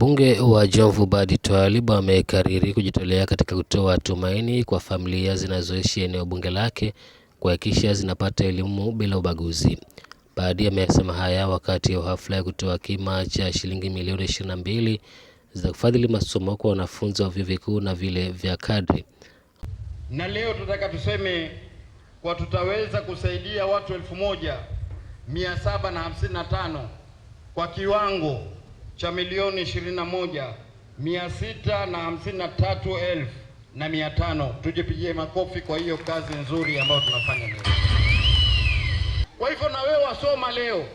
Mbunge wa Jomvu Badi Twalib amekariri kujitolea katika kutoa tumaini kwa familia zinazoishi eneo bunge lake kuhakikisha zinapata elimu bila ubaguzi. Badi amesema haya wakati wa hafla ya kutoa kima cha shilingi milioni 22 za kufadhili masomo kwa wanafunzi wa vyuo vikuu na vile vya kadri. Na leo tunataka tuseme kwa tutaweza kusaidia watu 1755 kwa kiwango cha milioni 21,653,500. moja mia na na Tujipigie makofi kwa hiyo kazi nzuri ambayo tunafanya leo. Kwa hivyo na wewe wasoma leo,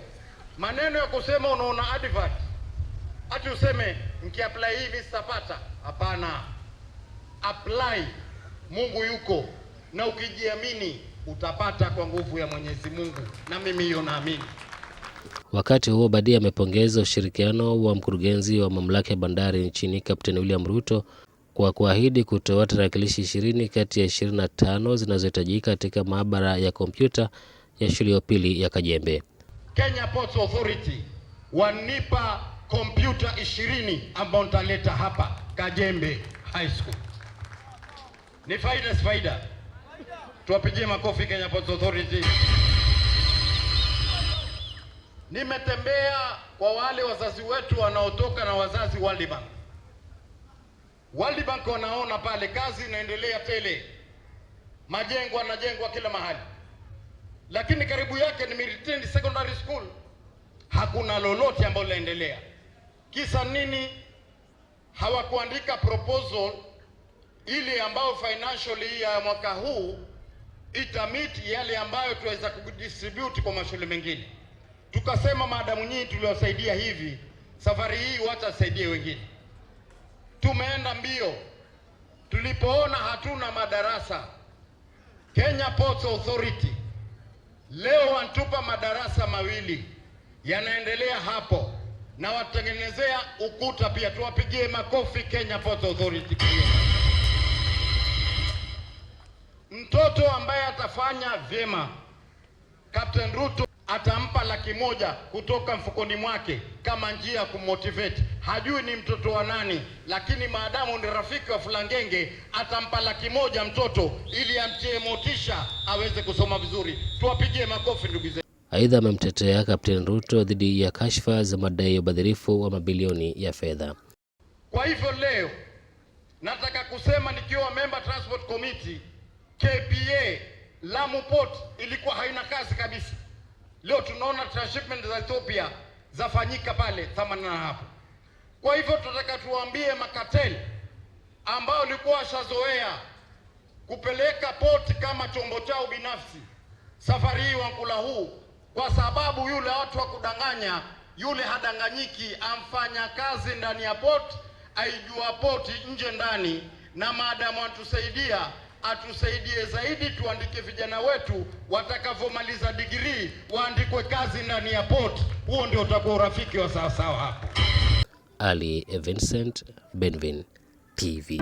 maneno ya kusema unaona advert ati useme nikiapply hivi sitapata. Hapana, apply. Mungu yuko na ukijiamini utapata kwa nguvu ya Mwenyezi Mungu, na mimi hiyo naamini. Wakati huo Badi amepongeza ushirikiano wa mkurugenzi wa mamlaka ya bandari nchini Kapteni William Ruto kwa kuahidi kutoa tarakilishi ishirini kati ya ishirini na tano zinazohitajika katika maabara ya kompyuta ya shule ya upili ya Kajembe. Kenya Ports Authority wanipa kompyuta ishirini ambao nitaleta hapa Kajembe High School. Ni faida si faida? Tuwapigie makofi Kenya Ports Authority. Nimetembea kwa wale wazazi wetu wanaotoka na wazazi wa World Bank. World Bank wanaona pale kazi inaendelea tele, majengo yanajengwa kila mahali, lakini karibu yake ni Miritindi Secondary School, hakuna lolote ambalo linaendelea. Kisa nini? Hawakuandika proposal ili ambayo financially ya mwaka huu itamiti yale ambayo tunaweza kudistribute kwa mashule mengine tukasema, maadamu nyinyi tuliwasaidia hivi, safari hii wacha tusaidie wengine. Tumeenda mbio, tulipoona hatuna madarasa, Kenya Ports Authority leo wanatupa madarasa mawili yanaendelea hapo, na watengenezea ukuta pia. Tuwapigie makofi Kenya Ports Authority. Mtoto ambaye atafanya vyema Captain Ruto atampa laki moja kutoka mfukoni mwake kama njia ya kumotivate. Hajui ni mtoto wa nani, lakini maadamu ni rafiki wa Fulangenge, atampa laki moja mtoto ili amtie motisha aweze kusoma vizuri. Tuwapigie makofi ndugu zetu. Aidha, amemtetea Kapteni Ruto dhidi ya kashfa za madai ya ubadhirifu wa mabilioni ya fedha. Kwa hivyo leo nataka kusema nikiwa member Transport Committee, KPA Lamu Port ilikuwa haina kazi kabisa Leo tunaona transshipment za Ethiopia zafanyika pale Thamana hapo. Kwa hivyo tunataka tuwaambie makateli ambao walikuwa washazoea kupeleka poti kama chombo chao binafsi, safari hii wankula huu, kwa sababu yule watu wa kudanganya yule hadanganyiki, amfanya kazi ndani ya poti, aijua poti nje ndani, na maadamu anatusaidia atusaidie zaidi, tuandike vijana wetu watakavyomaliza digrii waandikwe kazi ndani ya port. Huo ndio utakuwa urafiki wa sawasawa hapo. Ali Vincent, Benvin TV.